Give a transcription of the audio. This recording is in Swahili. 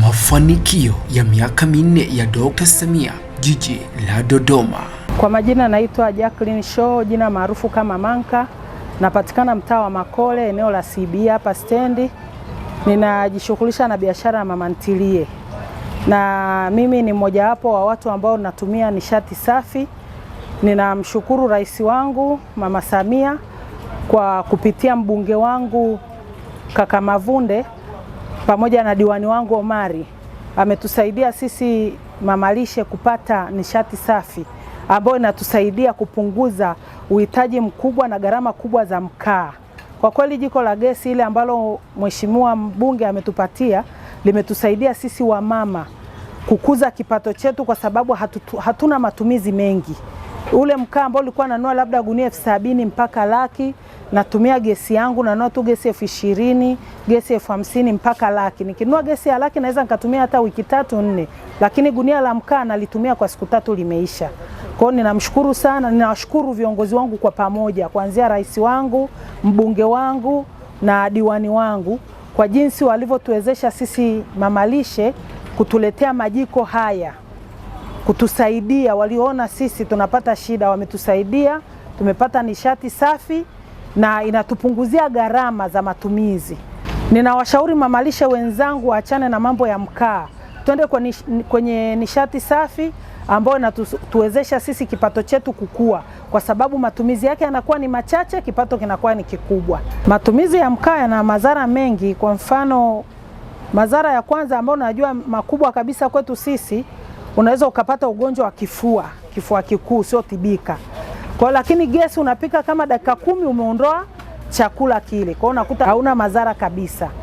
Mafanikio ya miaka minne ya Dr. Samia jiji la Dodoma. Kwa majina naitwa Jacqueline Shaw, jina maarufu kama Manka, napatikana mtaa wa Makole, eneo la cb hapa stendi. Ninajishughulisha na biashara ya mama ntilie, na mimi ni mmojawapo wa watu ambao natumia nishati safi. Ninamshukuru rais wangu Mama Samia kwa kupitia mbunge wangu kaka Mavunde pamoja na diwani wangu Omari ametusaidia sisi mamalishe kupata nishati safi ambayo inatusaidia kupunguza uhitaji mkubwa na gharama kubwa za mkaa. Kwa kweli jiko la gesi ile ambalo mheshimiwa mbunge ametupatia limetusaidia sisi wamama kukuza kipato chetu, kwa sababu hatutu, hatuna matumizi mengi. Ule mkaa ambao ulikuwa nanua labda gunia elfu sabini mpaka laki, natumia gesi yangu nanua tu gesi elfu ishirini gesi elfu hamsini mpaka laki. nikinua gesi ya laki naweza nikatumia hata wiki tatu nne, lakini gunia la mkaa nalitumia kwa siku tatu limeisha. Kwa ninamshukuru sana, ninawashukuru viongozi wangu kwa pamoja, kuanzia rais wangu, mbunge wangu na diwani wangu kwa jinsi walivyotuwezesha sisi mamalishe kutuletea majiko haya, kutusaidia. Waliona sisi tunapata shida, wametusaidia, tumepata nishati safi na inatupunguzia gharama za matumizi. Ninawashauri mamalishe wenzangu waachane na mambo ya mkaa, twende kwenye nishati safi ambayo inatuwezesha sisi kipato chetu kukua, kwa sababu matumizi yake yanakuwa ni machache, kipato kinakuwa ni kikubwa. Matumizi ya mkaa yana madhara mengi. Kwa mfano, madhara ya kwanza ambayo najua makubwa kabisa kwetu sisi, unaweza ukapata ugonjwa wa kifua, kifua kikuu usiotibika. Kwa lakini gesi unapika kama dakika kumi umeondoa chakula kile. Kwa hiyo unakuta hauna madhara kabisa.